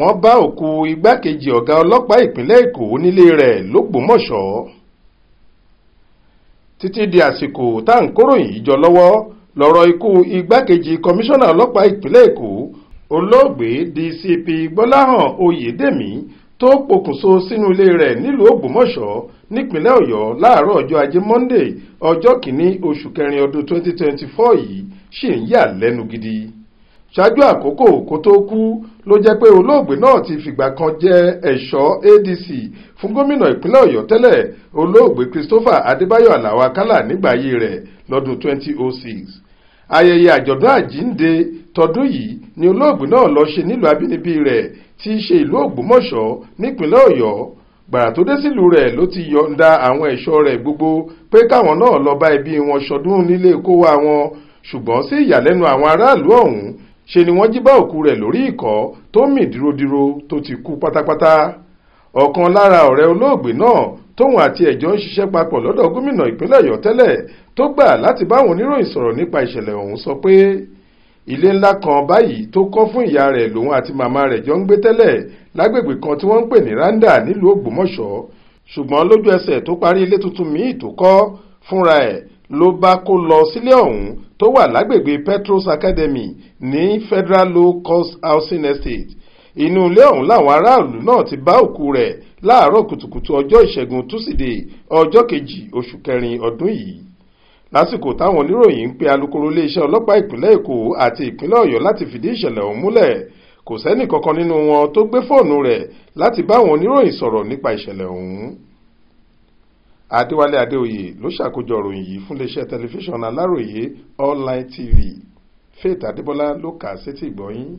wọ́n bá òkú igbákejì ọ̀gá ọlọ́pàá ìpínlẹ̀ èkó nílé rẹ̀ lógbómọ̀ṣọ́ títí di àsìkò tá à ń kóròyìn yìí jọ lọ́wọ́ lọ́rọ̀ ikú igbákejì kọmíṣánná ọlọ́pàá ìpínlẹ̀ èkó olóògbé DCP gbọ́láhàn oyèdèmí tó pokùnso sínú ilé rẹ̀ nílùú ògbómọ̀ṣọ́ nípínlẹ̀ ọ̀yọ́ láàárọ̀ ọjọ́ ajé monde ọjọ́ kìíní oṣù kẹrin ọdún 2024 yìí ṣì ń yà lẹ́nu gidi ṣáájú àkókò kó tó kú ló jẹ́ pé olóògbé náà ti fìgbà kan jẹ́ ẹ̀ṣọ́ adc fún gómìnà ìpínlẹ̀ ọ̀yọ́ tẹ́lẹ̀ olóògbé christopher adébáyọ̀ aláwọ̀ akálà nígbà ayé rẹ̀ 2006 ayẹyẹ àjọ̀dún àjínde tọdún yìí ni olóògbé náà lọ ṣe nílùú abínibí rẹ̀ tí í ṣe ìlú ògbómọ̀ṣọ́ nípínlẹ̀ ọ̀yọ́ gbàrà tó dé sílùú rẹ̀ ló ti yọ̀ǹda àwọn ẹ̀ṣọ́ rẹ̀ gbogbo pé káwọn náà lọ bá ẹbí wọn ṣọdún nílé kó wa wọn ṣùgbọ́n sí ìyàlẹ́nu àwọn aráàlú ọ̀hún ṣe ni wọ́n jí bá òkú rẹ̀ lórí ìkọ́ tó mì dúródúró tó ti kú pátápátá ọ̀kan lára ọ̀rẹ́ olóògbé náà tóun àti ẹ̀jọ́ ń ṣiṣẹ́ papọ̀ lọ́dọ̀ gómìnà ìpínlẹ̀ ọ̀yọ́ tẹ́lẹ̀ tó gbà láti báwọn oníròyìn sọ̀rọ̀ nípa ìṣẹ̀lẹ̀ ọ̀hún sọ pé ilé ńlá kan báyìí tó kọ́ fún ìyá rẹ̀ lòun àti màmá rẹ̀ jọ ń gbé tẹ́lẹ̀ lágbègbè kan tí wọ́n ń pè ní randa nílùú ògbómọ̀ṣọ́ ṣùgbọ́n lójú ẹsẹ̀ tó parí ilé tuntun míì tó kọ́ fúnra ẹ̀ ló bá kó lọ sílé ọ̀hún tó wà lágbègbè Petros Academy ní Federal Low Cost Housing Estate inú ilé ọ̀hún làwọn aráàlú náà ti bá òkú rẹ̀ láàárọ̀ kùtùkùtù ọjọ́ ìṣẹ́gun túsídẹ̀ẹ́ ọjọ́ kejì oṣù kẹrin ọdún yìí lásìkò táwọn oníròyìn ń pe alukoro iléeṣẹ́ ọlọ́pàá ìpínlẹ̀ èkó àti ìpínlẹ̀ ọ̀yọ́ láti fìdí ìṣẹ̀lẹ̀ ọ̀hún múlẹ̀ kò sẹ́nì nínú wọn tó gbé fóònù rẹ̀ láti bá àwọn oníròyìn sọ̀rọ̀ nípa ìṣẹ̀lẹ̀ ọ̀hún adéwálé adéoyè ló ṣàkójọ ròyìn yìí fún iléeṣẹ́ tẹlifíṣàn aláròye online tv faith adébọlá ló kà á sétí ìgbọ́yín.